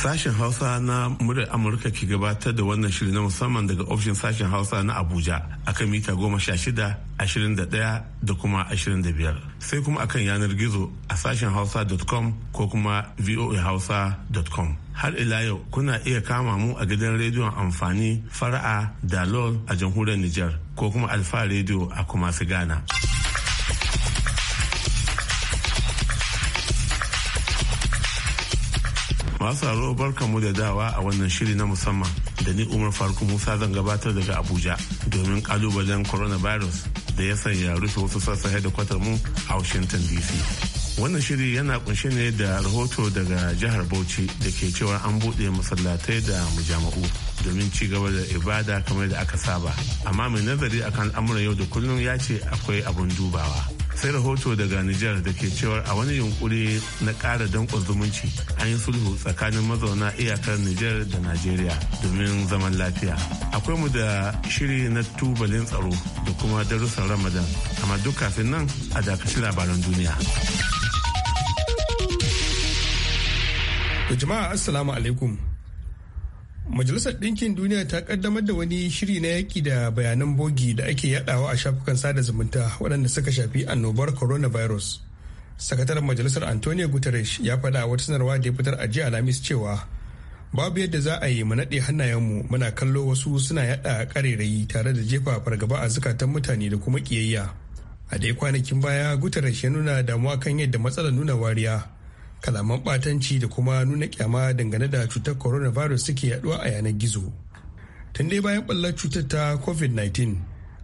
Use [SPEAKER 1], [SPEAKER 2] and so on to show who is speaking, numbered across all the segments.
[SPEAKER 1] Sashen Hausa na muryar Amurka ke gabatar da wannan shiri na musamman daga ofishin sashen Hausa na Abuja akan mita goma sha shida, ashirin da daya da kuma ashirin da biyar. Sai kuma akan yanar gizo a sashen Hausa.com ko kuma voahausa.com. Har ila yau kuna iya kama mu a gidan rediyon amfani fara'a da lol a jamhuriyar Nijar ko kuma Alfa rediyo a Kumasi Ghana. masu haro barka mu da dawa a wannan shiri na musamman da ni umar farko musa zan gabatar daga abuja domin kalubalen coronavirus da ya sanya rufe wasu sassan headquarter mu a washington dc wannan shiri yana kunshe ne da rahoto daga jihar bauchi da ke cewa an buɗe masallatai da mujama'u domin ci gaba da ibada kamar da aka saba amma mai nazari akan al'amuran yau da kullum ya ce akwai abun dubawa sai rahoto daga Nijar da ke cewar a wani yunkuri na ƙara danƙon zumunci an yi sulhu tsakanin mazauna iyakar Nijar da Najeriya domin zaman lafiya. Akwai mu da shiri na tubalin tsaro da kuma darussan Ramadan, amma duk kafin
[SPEAKER 2] nan a dakaci labaran duniya. Jama'a Assalamu alaikum. Majalisar Ɗinkin Duniya ta kaddamar da wani shiri na yaƙi da bayanan bogi da ake yadawa a shafukan sada zumunta waɗanda suka shafi annobar coronavirus. Sakataren Majalisar Antonio Guterres ya faɗa wata sanarwa da ya fitar a jiya Alhamis cewa babu yadda za a yi mu naɗe hannayenmu muna kallo wasu suna yada ƙarerayi tare da jefa fargaba a zukatan mutane da kuma kiyayya. A dai kwanakin baya Guterres ya nuna damuwa kan yadda matsalar nuna wariya kalaman batanci da kuma nuna kyama dangane da cutar coronavirus suke yaduwa a yanar gizo tun dai bayan ballar cutar ta covid-19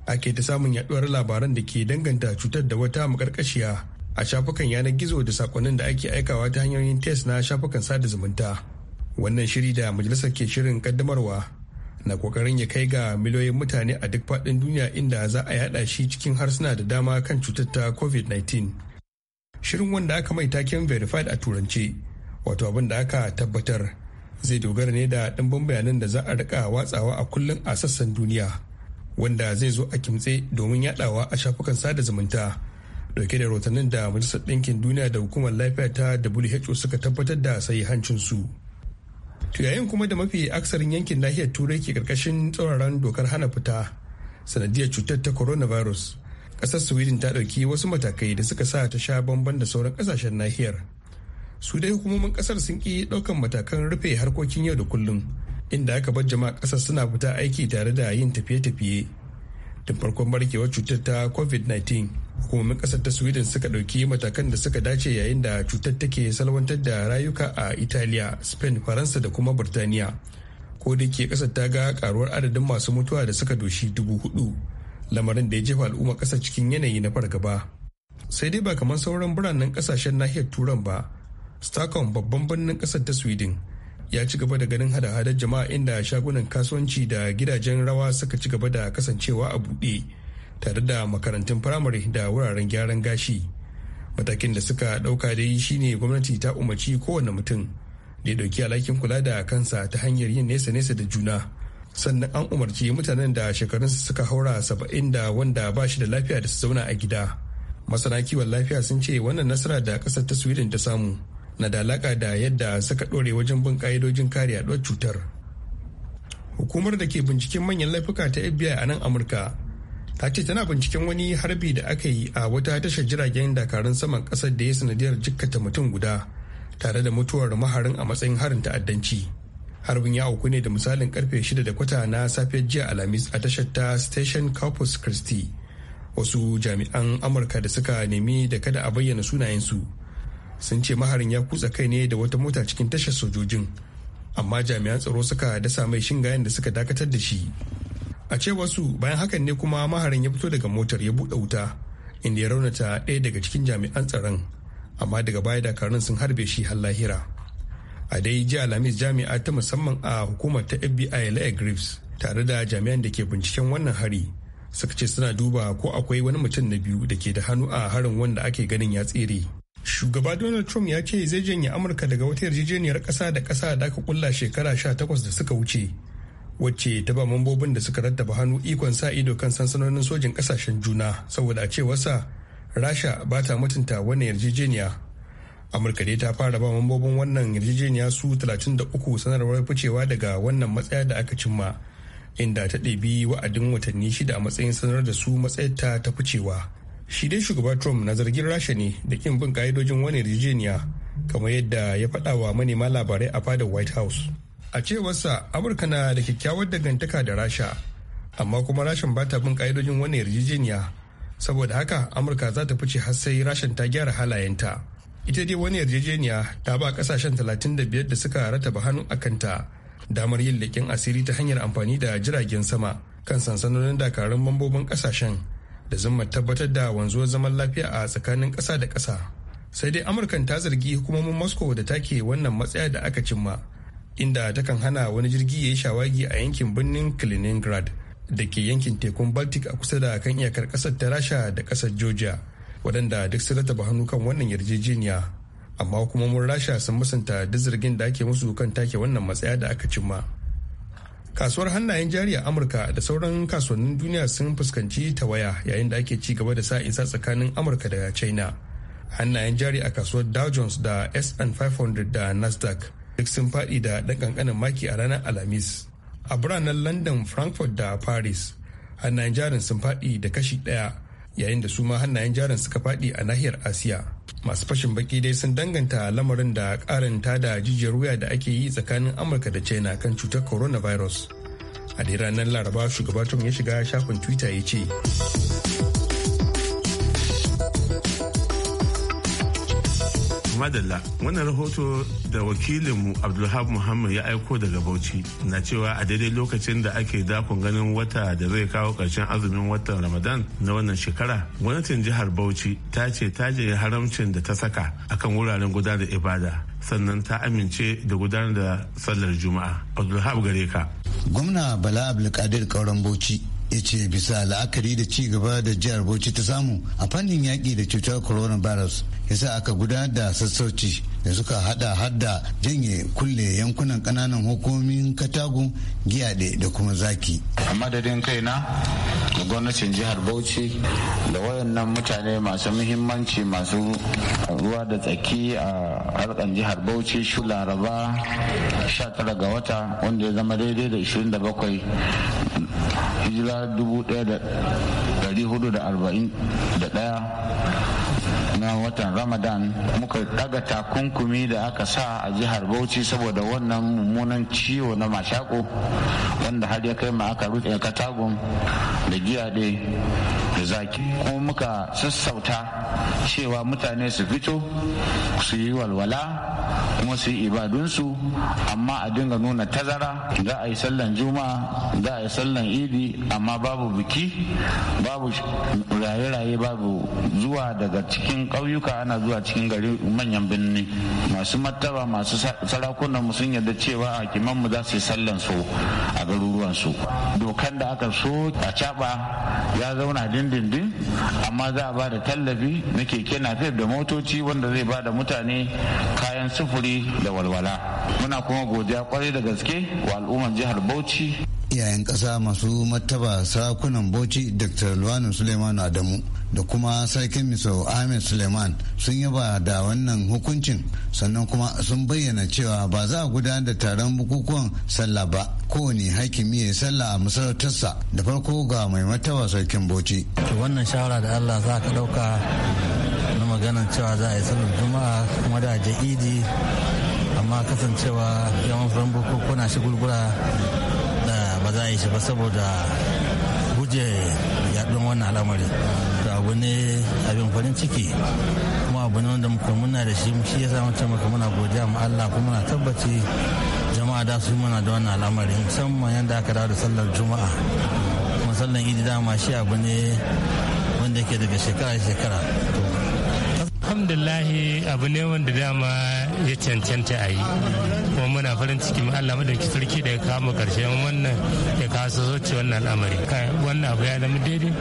[SPEAKER 2] ake ta samun yaduwar labaran da ke danganta cutar da wata makarkashiya a shafukan yanar gizo da sakonnin da ake aikawa ta hanyoyin test na shafukan sada zumunta wannan shiri da majalisar ke shirin kaddamarwa na kokarin ya kai ga miliyoyin mutane a duk faɗin duniya inda za a yada shi cikin harsuna da dama kan cutar ta covid-19 shirin wanda aka mai taken verified a turance wato abin da aka tabbatar zai dogara ne da ɗimbin bayanan da za a rika watsawa a kullum a sassan duniya wanda zai zo a kimtse domin yadawa a shafukan sada zumunta dauke da rawatannin da majalisar ɗinkin duniya da hukumar lafiya ta who suka tabbatar da su to yayin kuma da mafi aksarin yankin nahiyar turai ke karkashin tsauraran dokar hana fita sanadiyar cutar ta coronavirus kasar sweden ta ɗauki wasu matakai da suka sa ta sha bamban da sauran ƙasashen nahiyar su dai hukumomin ƙasar sun ƙi ɗaukan matakan rufe harkokin yau da kullum inda aka bar jama'a ƙasar suna fita aiki tare da yin tafiye-tafiye tun farkon barkewar cutar ta covid-19 hukumomin ƙasar ta sweden suka ɗauki matakan da suka dace yayin da cutar take salwantar da rayuka a italiya spain faransa da kuma burtaniya ko da ke ƙasar ta ga karuwar adadin masu mutuwa da suka doshi dubu hudu lamarin da ya jefa al'umma ƙasa cikin yanayi na fargaba sai dai ba kamar sauran biranen ƙasashen nahiyar turan ba stockholm babban birnin ƙasar ta sweden ya ci gaba da ganin hada-hadar jama'a inda shagunan kasuwanci da gidajen rawa suka ci gaba da kasancewa a buɗe tare da makarantun firamare da wuraren gyaran gashi matakin da suka ɗauka da dai shine gwamnati ta umarci kowane mutum da ya ɗauki alhakin kula da kansa ta hanyar yin nesa-nesa da juna sannan an umarci mutanen da shekarunsu suka haura saba'in da wanda ba shi da lafiya da su zauna a gida masana kiwon lafiya sun ce wannan nasara da kasar ta sweden ta samu na da alaka da yadda suka ɗore wajen bin ka'idojin kare yaduwar cutar hukumar da ke binciken manyan laifuka ta fbi a nan amurka ta ce tana binciken wani harbi da aka yi a wata tashar jiragen dakarun saman kasar da ya sanadiyar jikkata mutum guda tare da mutuwar maharin a matsayin harin ta'addanci harbin ya auku ne da misalin karfe 6 da kwata na safiyar jiya alhamis a tashar ta station corpus christi wasu jami'an amurka da suka nemi da kada a bayyana sunayensu sun ce maharin ya kutsa kai ne da wata mota cikin tashar sojojin amma jami'an tsaro suka dasa mai shingayen da suka dakatar da shi a ce wasu bayan hakan ne kuma maharin ya fito daga motar ya buɗe wuta inda ya raunata ɗaya daga cikin jami'an tsaron amma daga baya dakarun sun harbe shi har lahira a dai ji alhamis jami'a ta musamman a hukumar ta fbi la'a grips tare da jami'an da ke binciken wannan hari suka ce suna duba ko akwai wani mutum na biyu da ke da hannu a harin wanda ake ganin ya tsere shugaba donald trump ya ce zai janye amurka daga wata yarjejeniyar kasa da kasa da aka kulla shekara sha takwas da suka wuce wacce ta ba mambobin da suka rattaba hannu ikon sa ido kan sansanonin sojin kasashen juna saboda a cewarsa rasha ba ta mutunta wannan yarjejeniya amurka dai ta fara ba mambobin wannan yarjejeniya su 33 sanarwar ficewa daga wannan matsaya da aka cimma inda ta ɗabi wa'adin watanni shida a matsayin sanar da su matsayarta ta ficewa shi dai shugaba trump na zargin rasha ne da kin bin ka'idojin wani yarjejeniya kamar yadda ya faɗa wa manema labarai a fadar white house a cewarsa amurka na da kyakkyawar dangantaka da rasha amma kuma rashin ba ta bin ka'idojin wani yarjejeniya saboda haka amurka za ta fice har sai rashin ta gyara halayenta ita dai wani yarjejeniya ta ba kasashen 35 da suka rataba hannu a kanta damar yin leƙen asiri ta hanyar amfani da jiragen sama kan sansanonin dakarun mambobin kasashen da zuma tabbatar da wanzuwar zaman lafiya a tsakanin ƙasa da ƙasa sai dai amurkan ta zargi hukumomin moscow da take wannan matsaya da aka cimma inda takan hana wani jirgi ya yi shawagi a yankin birnin kaliningrad da ke yankin tekun baltic a kusa da kan iyakar ƙasar ta rasha da ƙasar georgia waɗanda duk sun rattaba hannu kan wannan yarjejeniya amma kuma mun rasha sun musanta duk zargin da ake musu kan take wannan matsaya da aka cimma kasuwar hannayen jari a amurka da sauran kasuwannin duniya sun fuskanci tawaya yayin da ake ci gaba da sa isa tsakanin amurka da china hannayen jari a kasuwar dow jones da s&p 500 da nasdaq duk sun faɗi da dan kankanin maki a ranar alhamis a biranen london frankfurt da paris hannayen jarin sun faɗi da kashi ɗaya yayin da su ma hannayen jarin suka faɗi a nahiyar asiya masu fashin baki dai sun danganta lamarin da karin da jijiyar wuya da ake yi tsakanin amurka da china kan cutar coronavirus a dai ranar laraba shugaba trump ya shiga shafin twitter ya ce
[SPEAKER 1] madalla wannan rahoto da wakilinmu abdulhab muhammad ya aiko daga bauchi na cewa a daidai lokacin da ake dakon ganin wata da zai kawo ƙarshen azumin watan ramadan na wannan shekara gwamnatin jihar bauchi ta ce ta je haramcin da ta saka akan wuraren gudanar ibada sannan ta amince da gudanar da sallar juma'a abdulhab gare ka
[SPEAKER 3] gwamna bala abdulkadir kauran bauchi ya ce bisa la'akari da ci gaba da jihar bauchi ta samu a fannin yaƙi da cutar coronavirus yasa aka gudanar da sassauci da suka hada hada janye kulle yankunan kananan hukumomin katagu giyaɗe da kuma zaki
[SPEAKER 4] a madadin kaina da gwamnatin jihar bauchi da wayannan mutane masu muhimmanci masu ruwa da tsaki a harkar jihar bauchi shu laraba 19 ga wata wanda ya zama daidai da 27 hijira 1441 na watan ramadan muka daga takunkumi da aka sa a jihar bauchi saboda wannan mummunan ciwo na mashako wanda har ya kai ma aka rufe katagun da giyaɗe da zaki kuma muka sassauta cewa mutane su fito su yi walwala kuma su yi ibadunsu amma a dinga nuna tazara za a yi sallan juma'a za a yi sallan idi amma babu biki babu raye-raye babu zuwa daga cikin ƙauyuka ana zuwa cikin gari manyan birni masu martaba masu sarakunan mu sun yarda cewa kiman mu za su yi sallan su a garuruwan su dokan da aka so a caba ya zauna dindindin amma za a ba da tallafi na keke fef da motoci wanda zai ba da mutane kayan sufuri da walwala muna kuma godiya kwarai da gaske wa al'umman jihar bauchi
[SPEAKER 3] iyayen kasa masu martaba sarakunan bauchi dr luwanin suleiman adamu da kuma sarkin miso ahmed suleiman sun yaba da wannan hukuncin sannan kuma sun bayyana cewa ba za a gudanar da taron bukukuwan sallah ba kowane hakimi ya sallah a masarautarsa da farko ga mai martaba sarkin bauchi wannan shawara da allah za ka ɗauka na maganar cewa za a yi sallar juma'a kuma da amma kasancewa yawan furen bukukuna shi gurgura da ba za a yi shi ba saboda guje yaɗin wannan al'amari to abu ne abin farin ciki kuma abu ne wanda muka muna da shi shi ya samu muka muna godiya mu Allah kuma muna tabbaci jama'a da su muna da wannan al'amari musamman yadda aka dawo da sallar juma'a kuma sallar idi dama shi abu ne wanda ke daga shekara shekara alhamdulillahi abu ne wanda dama ya cancanta a yi
[SPEAKER 1] kuma muna farin ciki mu allah madauki sarki da ya kama karshe wannan ya kawo sosoci wannan al'amari wannan abu ya zama daidai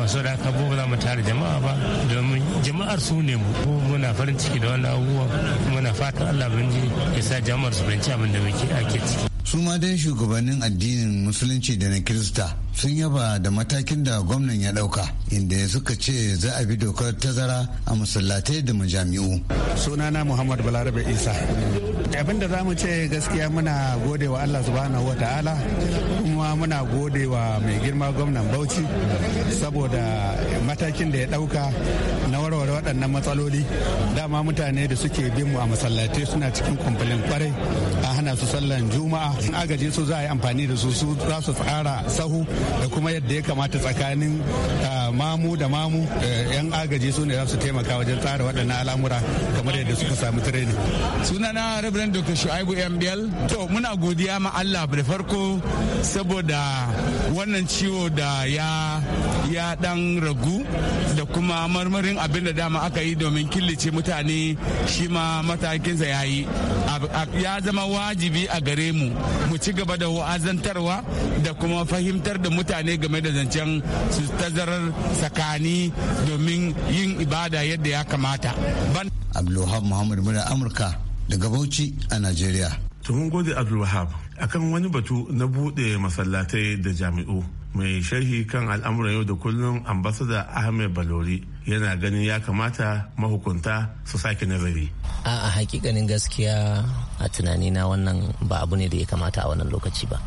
[SPEAKER 1] wasu da aka ba za mu tare jama'a ba domin jama'ar su ne mu muna farin ciki da wannan abubuwa muna fatan allah bin ya sa jama'ar su ci abin da muke ake ciki
[SPEAKER 3] su ma dai shugabannin addinin musulunci da na kirista sun yaba da matakin da gwamnan ya dauka inda suka ce za a bi dokar tazara a masallatai da majami'u sunana muhammad balarabe isa
[SPEAKER 2] Abinda za mu ce gaskiya muna gode wa allah subhanahu wa ta'ala kuma muna gode wa mai girma gwamnan bauchi saboda matakin da ya dauka na warware waɗannan matsaloli dama mutane da suke bin mu a masallatai suna cikin kumfulin kwarai a hana su sallan juma'a in agaji su za a yi amfani da su su za su tsara sahu da kuma yadda ya kamata tsakanin mamu da mamu e, yan agaji su ne za su taimaka wajen tsara waɗannan al'amura kamar yadda suka samu training sunana reverend
[SPEAKER 4] dr shu'aibu mbl to muna godiya ma allah da farko saboda saboda wannan ciwo da ya ya dan ragu da kuma marmarin abin da dama aka yi domin killace mutane shi ma matakinsa ya yi ya zama wajibi a gare mu mu ci gaba da wa'azantarwa da kuma fahimtar da mutane game da zancen su tazarar tsakani domin yin
[SPEAKER 1] ibada yadda ya kamata. Abdulhamid Muhammad muna Amurka daga Bauchi a Najeriya. tuhun mun gode abdulwahab akan wani batu na bude masallatai da jami'u mai sharhi kan al'amuran yau da kullum ambasada ahmed balori yana ganin ya kamata mahukunta su sake nazari a hakikanin gaskiya
[SPEAKER 5] a tunani na wannan ba abu ne da ya kamata a wannan lokaci ba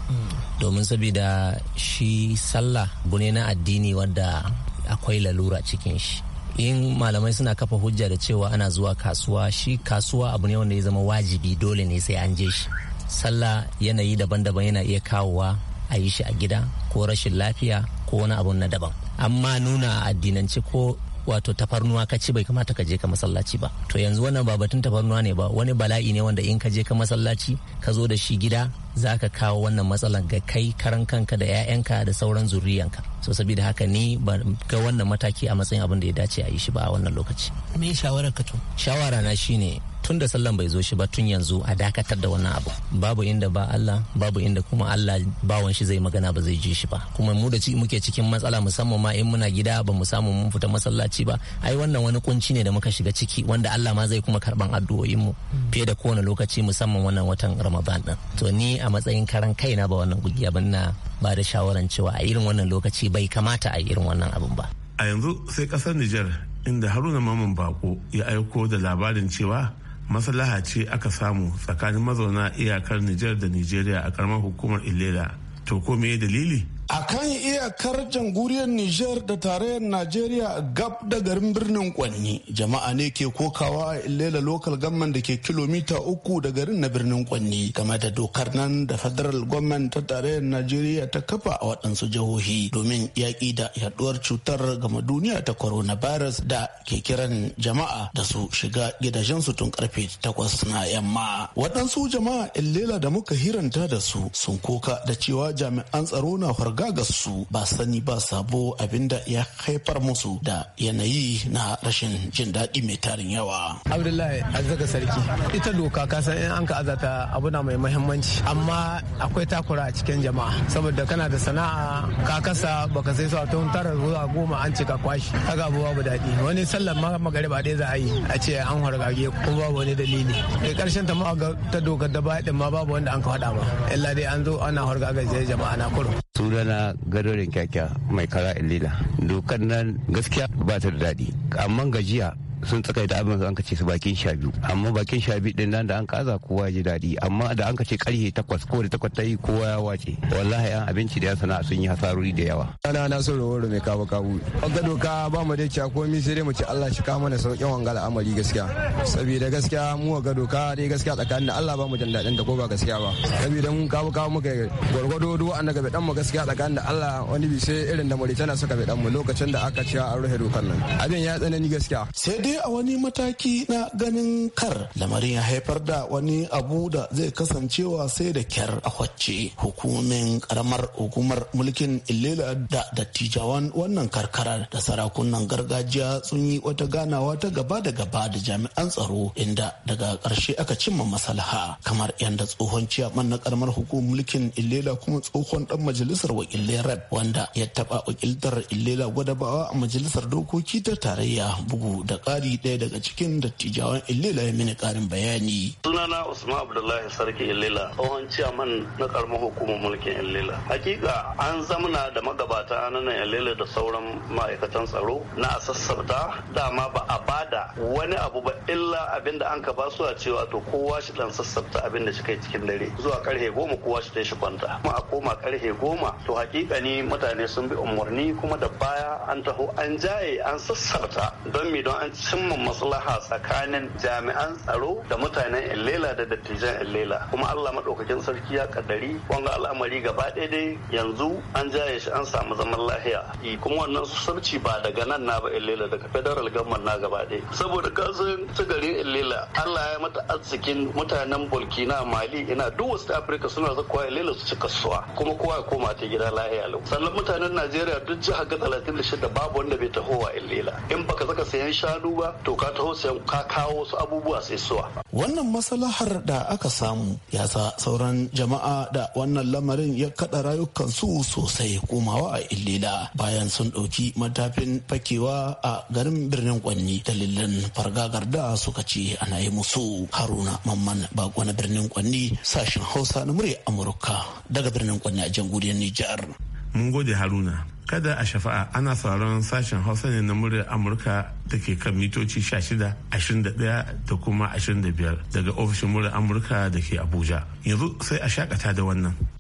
[SPEAKER 5] domin sabida shi sallah bune na addini wadda akwai lalura cikin shi in malamai suna kafa hujja da cewa ana zuwa kasuwa shi kasuwa abu ne wanda ya zama wajibi dole ne sai an je shi sallah yanayi daban-daban yana iya kawowa a yi shi a gida ko rashin lafiya ko wani abun na daban amma nuna a addinance ko wato tafarnuwa ka ci bai kamata ka je ka masallaci ba to yanzu wannan ba batun tafarnuwa ne ba wani bala'i ne wanda in ka je ka masallaci ka zo da shi gida za ka kawo wannan matsalan ga kai karan kanka da 'ya'yanka da sauran zuriyanka so saboda haka ni ba ga wannan mataki a matsayin abin da ya dace a yi shi ba a wannan lokaci me shawara ka to shawara na shine tun da sallan bai zo shi ba tun yanzu a dakatar da wannan abu babu inda ba Allah babu inda kuma Allah bawan shi zai magana ba zai ji shi ba kuma mu da muke cikin matsala musamman ma in muna gida ba mu samu mun fita masallaci ba ai wannan wani kunci ne da muka shiga ciki wanda Allah ma zai kuma karban addu'o'in mu fiye da kowane lokaci musamman wannan watan Ramadan din to ni a matsayin karan kaina ba wannan gudiya ba na ba da shawaran cewa a irin wannan lokaci bai kamata a irin wannan abun ba
[SPEAKER 1] a yanzu sai kasar Nijar inda Haruna Maman Bako ya aiko da labarin cewa maslaha ce aka samu tsakanin mazauna iyakar Nijar da Nijeriya a karamar hukumar Ilela. To ko me dalili?
[SPEAKER 6] a kan iyakar jamhuriyar Nijar da tarayyar Najeriya gab da garin birnin Kwanni jama'a ne ke kokawa a Ilela lokal gamman da ke kilomita uku da garin na birnin Kwanni game da dokar nan da federal gwamnan ta tarayyar Najeriya ta kafa a waɗansu jihohi domin yaƙi da yaduwar cutar gama duniya ta coronavirus da ke kiran jama'a da su shiga gidajensu tun karfe takwas na yamma waɗansu jama'a illela da muka hiranta da su sun koka da cewa jami'an tsaro na farga su ba sani ba sabo abinda ya haifar musu da yanayi na rashin jin daɗi mai tarin yawa. Abdullahi Azzaka Sarki ita doka ka san in an ka azata abu na mai muhimmanci amma akwai takura a cikin jama'a saboda kana da sana'a ka kasa baka sai su a tun tara zuwa goma an cika kwashi kaga abu babu daɗi wani sallar ma ba ɗaya za a yi a ce an hargage ko babu wani dalili Kai eh, karshen ta ma ta dokar da ba ma babu wanda an ka faɗa ba illa dai an zo ana hargage jama'a na kuro.
[SPEAKER 4] na gadorin kyakya mai kara illila dokar nan gaskiya ba ta da daɗi amma gajiya sun tsakai da abin an ce su bakin sha biyu amma bakin sha biyu din nan da an kaza kowa ji daɗi amma da an ce karhe takwas ko da takwas ta yi kowa ya wace wallahi an abinci da yan sana'a sun yi hasarori da yawa.
[SPEAKER 2] ana na so da mai kawo kawo ga doka ba mu dai komi sai dai mu ci Allah shi kama mana sauƙin wanga al'amari gaskiya saboda gaskiya mu ga doka dai gaskiya tsakanin Allah ba mu jin daɗin da ko ba gaskiya ba saboda mun kawo kawo muka gwargwado duk wanda ga dan mu gaskiya tsakanin da Allah wani bi sai irin da Mauritania suka bi dan mu lokacin da aka ci an rufe dokan nan abin ya tsanani
[SPEAKER 6] gaskiya. sai dai a wani mataki na ganin kar
[SPEAKER 2] lamarin ya haifar da wani abu
[SPEAKER 6] da zai kasancewa sai da kyar a wacce hukumin karamar hukumar mulkin illela da dattijawan wannan karkarar da sarakunan gargajiya sun yi wata ganawa ta gaba da gaba da jami'an tsaro inda daga ƙarshe aka cimma maslaha kamar yadda tsohon ciyaman na karamar hukumar mulkin illela kuma tsohon dan majalisar wakilai rep wanda ya taba wakiltar illela bawa a majalisar dokoki ta tarayya bugu da labari ɗaya daga cikin dattijawan illila ya mini karin bayani.
[SPEAKER 7] sunana usman abdullahi sarki illila tsohon ciyaman na karamar hukumar mulkin illila hakika an zamana da magabata na illila da sauran ma'aikatan tsaro na a sassauta dama ba a bada wani abu ba illa abin da an ka basu a cewa to kowa shi dan sassauta abin da shi kai cikin dare zuwa karhe goma kowa shi shi kwanta kuma a koma karhe goma to hakika ni mutane sun bi umarni kuma da baya an taho an jaye an sassauta don me don an ci cimma maslaha tsakanin jami'an tsaro da mutanen illela da dattijan illela kuma Allah maɗaukakin sarki ya kaddari wanga al'amari gaba ɗaya dai yanzu an jaye shi an samu zaman lahiya kuma wannan sarci ba daga nan na ba illela daga federal government na gaba ɗaya saboda kasan ta garin illela Allah ya mata arzikin mutanen Burkina Mali ina duk wasu Africa suna zakuwa illela su ci kasuwa kuma kowa ya koma ta gida lahiya lau sannan mutanen Najeriya duk jihar ga 36 babu wanda bai tahowa illela in baka zaka sayan shanu ba to ka taho ka kawo wasu abubuwa sai suwa
[SPEAKER 6] wannan masalahar da aka samu ya sa sauran jama'a da wannan lamarin ya kada rayukansu sosai komawa a illila bayan sun ɗauki matafin fakewa a garin birnin kwanni dalilin fargagar da suka ce ana yi musu haruna mamman bako na birnin kwanni sashen hausa na murya amurka daga birnin kwanni a jamhuriyar nijar mun
[SPEAKER 1] gode haruna kada a shafa'a ana sauraron sashen hausa ne na muryar amurka da ke kan mitoci 16 21 da kuma 25 daga ofishin muryar amurka da ke abuja yanzu sai a shakata da wannan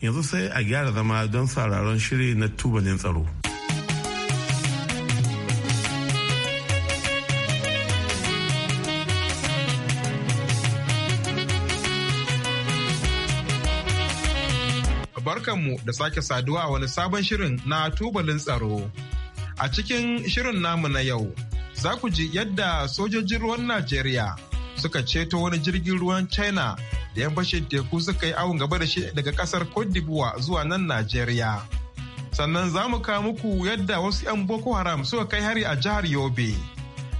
[SPEAKER 1] yanzu sai a gyara zama don sararon shiri na tubalin tsaro.
[SPEAKER 8] Barkanmu da sake saduwa wani sabon shirin na tubalin tsaro. A cikin shirin namu na yau, za ku ji yadda sojojin ruwan Najeriya suka ceto wani jirgin ruwan China da 'yan bashin teku suka yi awon gaba da shi daga kasar Cote zuwa nan Najeriya. Sannan za mu kawo muku yadda wasu 'yan Boko Haram suka kai hari a jihar Yobe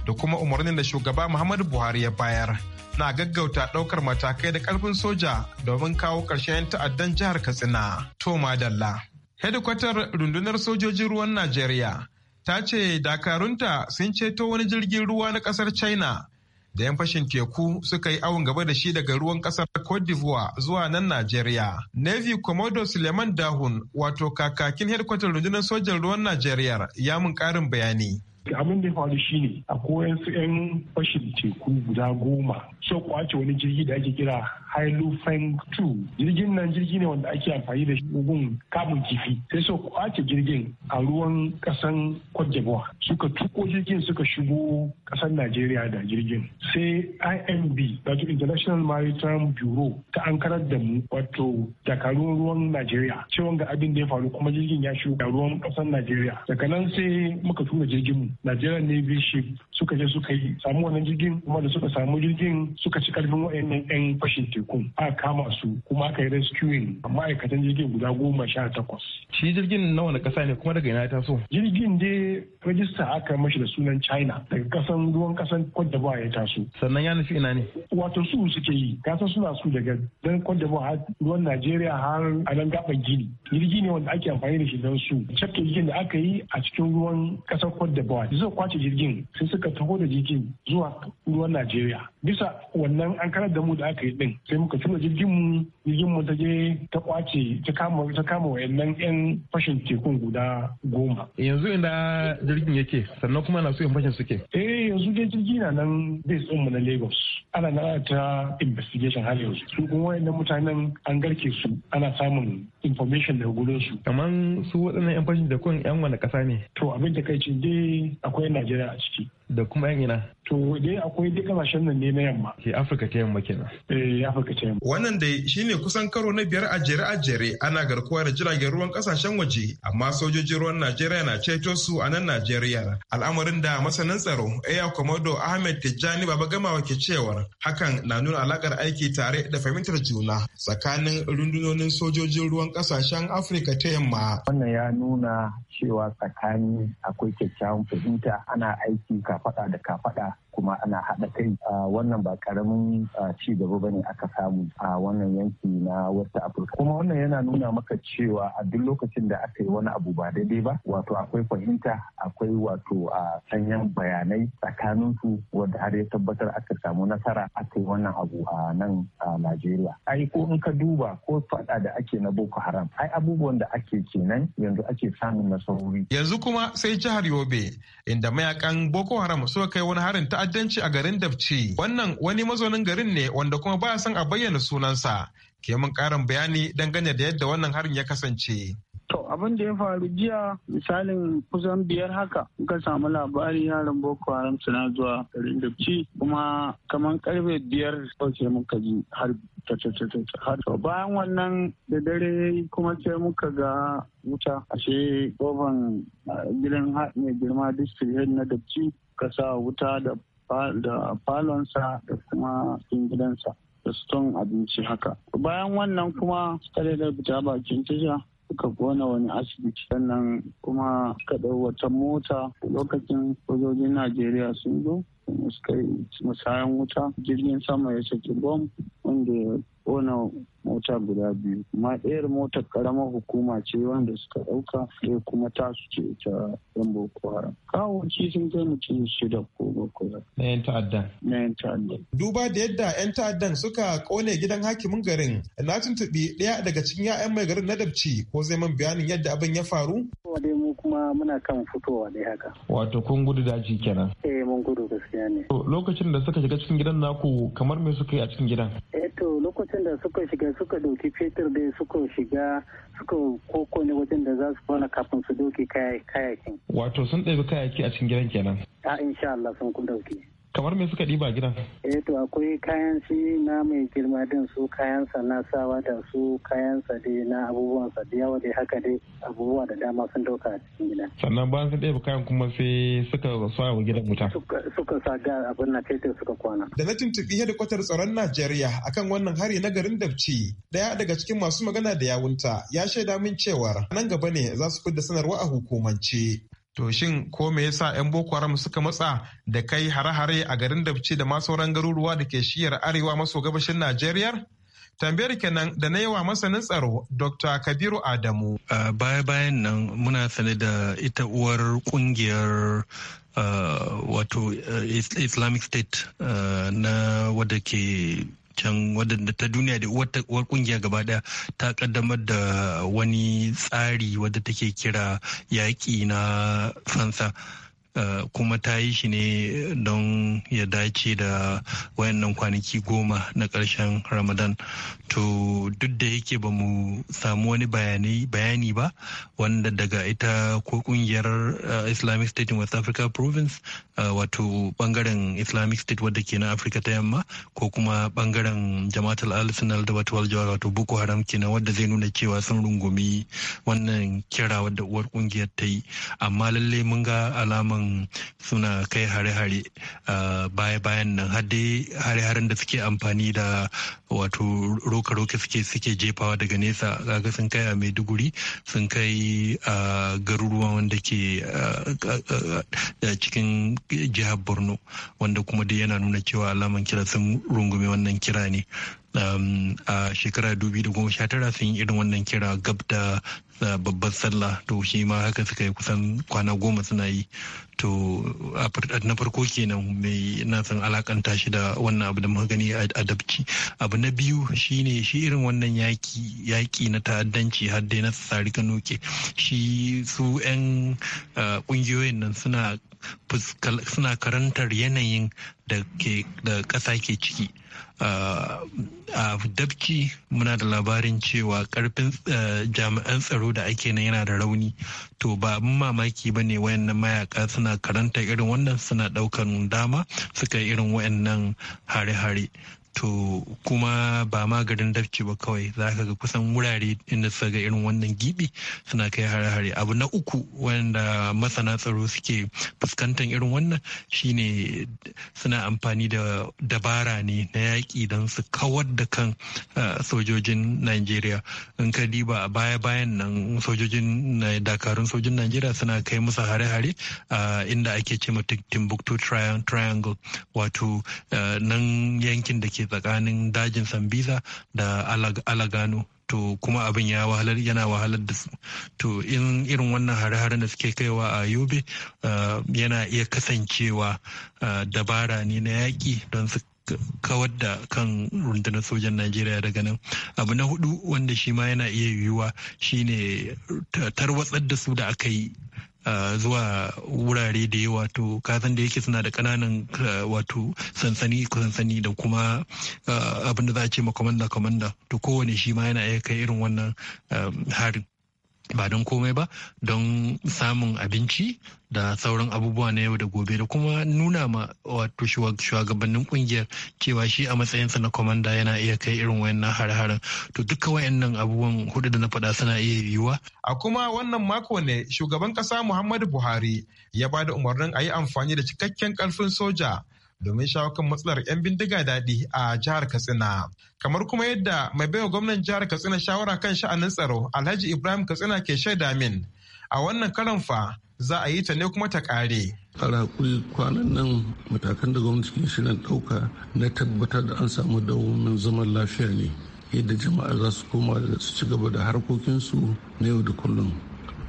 [SPEAKER 8] da kuma umarnin da shugaba Muhammadu Buhari ya bayar na gaggauta ɗaukar matakai da ƙarfin soja domin kawo ƙarshen ta'addan jihar Katsina. Toma Dalla. Hedikwatar rundunar sojojin ruwan Najeriya ta ce dakarunta sun ceto wani jirgin ruwa na ƙasar China da 'yan fashin teku suka yi awon gaba da shi daga ruwan kasar Cote d'Ivoire zuwa nan Najeriya. Navy Commodore Suleiman Dahun wato kakakin hedkwatar rundunar sojan ruwan Najeriya
[SPEAKER 9] ya mun karin bayani. abin da ya faru shi ne. a koyan su yan fashin teku guda goma suka kwace wani jirgi da ake kira Hailufeng 2 jirgin nan jirgi ne wanda ake amfani da shugun kamun kifi sai suka kwace jirgin a ruwan kasan Cote suka tuko jirgin suka shigo kasan Najeriya da jirgin sai IMB wato International Maritime Bureau ta ankarar da mu wato dakarun ruwan Najeriya cewa ga abin da ya faru kuma jirgin ya shigo ruwan kasan Najeriya daga nan sai muka tura jirgin mu Najeriya Navy ship suka je suka yi samu wannan jirgin kuma da suka samu jirgin suka ci karfin wa'annan 'yan fashin tekun aka kama su kuma aka yi rescuing ma'aikatan jirgin guda goma sha takwas. Shi jirgin na wani kasa ne kuma daga ina ya taso? Jirgin dai rajista aka mashi da sunan China daga kasan ruwan kasan Cote d'Ivoire ya taso. Sannan ya nufi ina ne? Wato su suke yi kasan suna su daga dan Cote d'Ivoire ruwan Najeriya har a nan gaban Gini. Jirgi ne wanda ake amfani da shi don su. cakke jirgin da aka yi a cikin ruwan kasar Cote d'Ivoire zai kwace jirgin sai suka taho da jirgin zuwa ruwan Najeriya. Bisa wannan an karar da mu da aka yi din sai muka tura jirgin mu jirgin mu ta je ta kwace ta kama ta kama wayannan yan fashin tekun guda goma. Yanzu inda jirgin yake sannan kuma na so yan fashin suke. Eh yanzu dai jirgi na nan base din mu na Lagos. Ana na ta investigation har yanzu. Su kuma wayannan mutanen an garke su ana samun information daga gurin su. Kaman su waɗannan yan fashin da kun yan wani ƙasa ne. To abin da kai dai akwai najeriya a ciki da kuma yan ina to waje akwai duka kasashen nan ne na yamma ke eh, afirka ta yamma kenan eh afirka ta yamma
[SPEAKER 8] wannan dai shine kusan karo na biyar a jere a jere ana garkuwa da jiragen ruwan kasashen waje amma sojojin ruwan najeriya na ceto su a nan najeriya al'amarin da masanin tsaro Eya komodo ahmed tijjani baba gamawa ke cewar hakan na nuna alakar aiki tare da fahimtar juna tsakanin rundunonin sojojin ruwan ƙasashen afirka ta yamma
[SPEAKER 9] wannan ya nuna cewa tsakani akwai kyakkyawan fahimta ana aiki ka faɗa da kafaɗa kuma ana haɗa kai wannan ba karamin ci gaba bane aka samu a wannan yanki na west africa kuma wannan yana nuna maka cewa a duk lokacin da aka yi wani abu ba daidai ba wato akwai fahimta akwai wato a sanyan bayanai tsakanin su wanda har ya tabbatar aka samu nasara aka yi wannan abu a nan a najeriya ai ko in ka duba ko fada da ake na boko haram ai abubuwan da ake kenan yanzu ake samun nasarori
[SPEAKER 8] yanzu kuma sai jihar yobe inda mayakan boko haram suka kai wani harin ta ta'addanci a garin Dabci. Wannan wani mazaunin garin ne wanda kuma ba son a bayyana sunansa. Ke mun karin bayani dangane da yadda wannan harin ya kasance. To abin da
[SPEAKER 4] ya faru jiya misalin kusan biyar haka muka samu labari yaran Boko Haram suna zuwa garin Dabci kuma kamar karfe biyar ɗauke muka ji har bayan wannan da dare kuma sai muka ga wuta ashe goban ah, gidan mai girma district na dabci ka sa wuta da da falonsa da kuma cikin gidansa da suton abinci haka bayan wannan kuma tare da fita bakin tasha suka gona wani asibiti sannan kuma suka ɗau wata mota lokacin sojojin najeriya sun zo suka yi musayan wuta jirgin sama ya saki bom wanda kona mota guda biyu kuma ɗayar motar karamar hukuma ce wanda suka ɗauka
[SPEAKER 8] ke kuma tasu ce ta yan boko haram kawoci sun kai mutum shida ko bakwai na yan ta'addan na yan ta'addan duba da yadda yan ta'addan suka kone gidan hakimin garin na tuntuɓi ɗaya daga cikin ya'yan mai garin na dabci ko zai man bayanin yadda abin ya
[SPEAKER 10] faru dai mu kuma muna kan fitowa dai haka
[SPEAKER 9] wato kun gudu daji kenan
[SPEAKER 10] eh mun gudu gaskiya ne
[SPEAKER 8] lokacin da suka shiga cikin gidan naku kamar me suka yi a cikin gidan
[SPEAKER 9] lokacin da suka shiga suka ɗauki fetur dai suka shiga suka koko ne wajen da za su fara kafin su doke kayakin.
[SPEAKER 8] Wato sun ɗabi kayaki a cikin gidan kenan.
[SPEAKER 9] A insha Allah sun ku ɗauki. kamar me suka ɗiba gidan eh to akwai kayan shi na mai girma din su
[SPEAKER 10] kayan sa na sawa da su kayan sa dai na abubuwan sa da yawa dai haka dai abubuwa da dama sun dauka a cikin gidan
[SPEAKER 8] sannan bayan sun ɗiba kayan kuma sai suka sa wa gidan wuta suka sa ga abin na kai suka kwana da na tuntuɓi hedikwatar tsaron Najeriya akan wannan hari na garin Dabci daya daga cikin masu magana da yawunta ya shaida min cewar nan gaba ne za su da sanarwa a hukumance To shin ko me yasa 'yan Boko Haram suka matsa da kai hare-hare a garin Dabci da ma sauran garuruwa da ke shiyar arewa maso gabashin Najeriya? tambayar kenan da na yawa masanin tsaro dr kabiru adamu
[SPEAKER 10] uh, baya bayan nan muna sane da ita uwar kungiyar uh, wato eh, islamic state na wadda ke can wadanda ta duniya da uwar kungiya gaba daya ta kaddamar da wani tsari wadda take kira yaƙi na fansa uh, kuma ta yi shi ne don ya dace da wayannan kwanaki goma na karshen ramadan to duk da yake ba mu samu wani bayani ba wanda daga ita ko kungiyar uh, islamic state in west africa province Eh, wato bangaren islamic state wadda ke na afirka ta yamma ko kuma bangaren jama'atul al-sinal da wato aljawar wato boko haram kenan wadda zai nuna cewa sun rungumi wannan kira wadda uwar kungiyar ta yi amma lallai mun ga alaman suna kai hare-hare eh, baya-bayan nan hadde hare-haren da suke amfani da wato roka-roka suke suke jefawa daga nesa kaga sun kai a maiduguri sun kai a eh, garuruwan wanda ke cikin jihar borno wanda kuma dai yana nuna cewa alaman kira sun rungume wannan kira ne um, a shekara 2019 sun yi irin wannan kira gab da uh, babbar sallah to shi ma haka suka yi kusan kwana goma suna yi to na farko kenan mai na san alakanta shi da wannan abu da magani a dabci abu na biyu shine shi irin wannan yaki na ta'addanci har dai na sari ka noke shi su yan uh, ƙungiyoyin nan suna suna karantar yanayin da ƙasa ke ciki a dabci muna da labarin cewa karfin eh, jami'an tsaro da ake nan yana da rauni to ba mamaki ba ne wayannan mayaka suna karanta irin wannan suna daukan dama suka irin wayannan hare-hare to kuma ba ma garin dabci ba kawai za ka ga kusan wurare inda su ga irin wannan gibi suna kai hare-hare abu na uku wanda masana tsaro suke fuskantar irin wannan shine suna amfani da dabara ne na yaƙi don su kawar da kan sojojin najeriya in ka diba a baya-bayan nan sojojin dakarun sojin najeriya suna kai musu hare-hare inda ake ce Timbuktu Triangle wato nan yankin da ke tsakanin dajin Sambiza da Alagano. to kuma abin ya wahalar yana wahalar da su to in irin wannan hare-haren da suke kaiwa a yobe uh, yana iya kasancewa uh, dabara ne na yaƙi don su kawar da kan rundunar sojan najeriya daga nan abu na hudu wanda shi ma yana iya yiwuwa shine tarwatsar da su da aka yi zuwa wurare da yawa to kasan da yake suna da kananan eh, wato sansani sansani da kuma eh, abin da za a ce ma kamanda to kowane shi ma yana iya irin wannan eh, harin ba don komai ba don samun abinci da sauran abubuwa na yau da gobe da kuma nuna ma wato shugabannin kungiyar cewa shi a matsayinsa na kwamanda yana iya kai irin wayannan har-haren to duka wayannan abubuwan hudu da na faɗa suna iya yiwuwa. a kuma wannan mako
[SPEAKER 8] ne shugaban ƙasa muhammadu buhari ya ba da umarnin a yi amfani da cikakken ƙarfin soja domin shawo kan matsalar 'yan bindiga daɗi a jihar Katsina. Kamar kuma yadda mai baiwa gwamnan jihar Katsina shawara kan sha'anin tsaro Alhaji Ibrahim Katsina ke shaida min a wannan karan fa za a yi ta ne kuma ta kare.
[SPEAKER 7] karakuri kwanan nan matakan da gwamnati ke shirin ɗauka na tabbatar da an samu dawomin zaman lafiya ne yadda jama'a za su koma da su ci gaba da harkokinsu na yau da kullum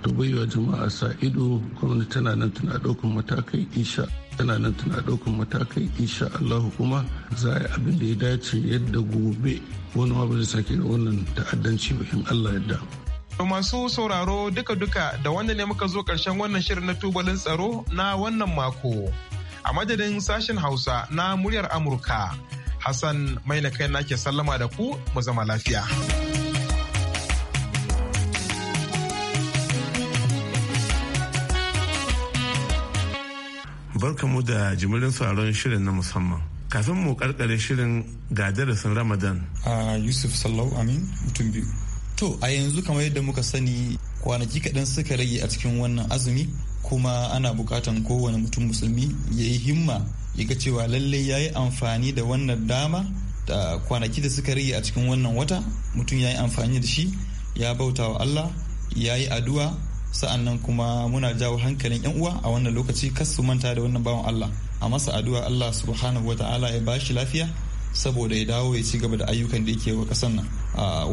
[SPEAKER 7] to baiwa jama'a sa ido gwamnati tana nan tana ɗaukan matakai insha tana nan tana ɗaukan matakai insha Allah kuma za a yi abin da ya dace yadda gobe wani ma ba zai sake wannan ta'addanci ba in Allah yadda.
[SPEAKER 8] masu sauraro duka-duka da wanda ne muka zo karshen wannan shirin na tubalin tsaro na wannan mako. A madadin sashen Hausa na muryar Amurka, Hassan mai na kai nake sallama da ku mu
[SPEAKER 1] zama lafiya. barka mu da jimirin sauran shirin na musamman. Kafin mu karkare shirin ga darasin Ramadan.
[SPEAKER 11] A Yusuf Sallau Amin mutum biyu. To a yanzu kamar yadda muka sani kwanaki kaɗan suka rage a cikin wannan azumi kuma ana buƙatan kowane mutum musulmi ya yi himma ya cewa lallai ya yi amfani da wannan dama da kwanaki da suka rage a cikin wannan wata mutum ya yi amfani da shi ya bauta wa Allah ya yi addu'a sa'an nan kuma muna jawo hankalin yan uwa a wannan lokaci kas su manta da wannan bawan Allah a masa addu'a Allah subhanahu wata'ala ya bashi lafiya saboda ya dawo ya ci gaba da ayyukan da yake wa kasan nan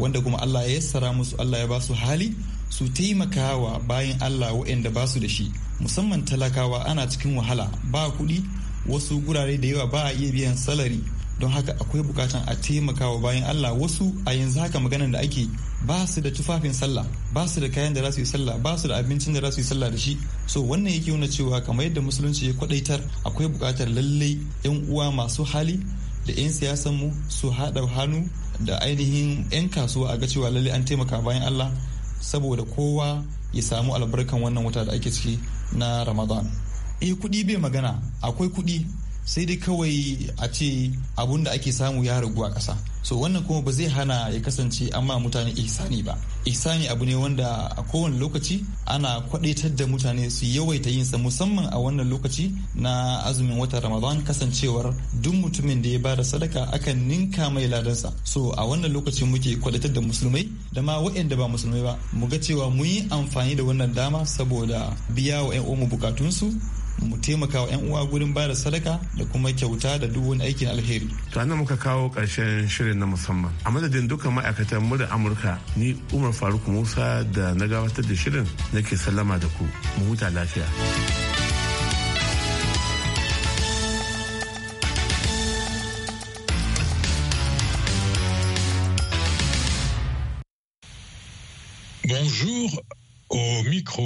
[SPEAKER 11] wanda kuma Allah ya yassara musu Allah ya basu hali su taimakawa bayan Allah waɗanda basu da shi musamman talakawa ana cikin wahala ba kuɗi wasu gurare da yawa ba a iya biyan salari don haka akwai bukatan a taimakawa bayan Allah wasu a yanzu haka maganan da ake ba su da tufafin sallah ba su da kayan da za su yi sallah ba su da abincin da za su yi sallah da shi so wannan yake nuna cewa kamar yadda musulunci ya kwadaitar akwai bukatar lallai yan uwa masu hali da 'yan mu su haɗa hannu da ainihin 'yan kasuwa a ga cewa lallai an taimaka bayan Allah saboda kowa ya samu albarkan wannan wata da ake ciki na Ramadan. Eh kuɗi bai magana akwai kuɗi sai dai kawai a ce abun da ake samu ya ragu a ƙasa so wannan kuma ba zai hana ya kasance amma mutane ihsani ba ihsani abu ne wanda a kowane lokaci ana kwadaitar da mutane su yawaita yin sa musamman a wannan lokaci na azumin watan ramadan kasancewar duk mutumin da ya bada sadaka akan ninka mai ladansa so a wannan lokaci muke kwadaitar da musulmai da ma waɗanda ba musulmai ba mu ga cewa mun yi amfani da wannan dama saboda biya wa 'yan uwanmu bukatunsu mu taimaka wa 'yan uwa gurin bada sadaka da kuma kyauta da duk aikin alheri. To muka kawo ƙarshen shirin na musamman. A madadin
[SPEAKER 1] dukkan ma'aikatan mu da Amurka ni Umar Faruk Musa da na gabatar da shirin nake sallama da ku. Mu huta lafiya.
[SPEAKER 10] Bonjour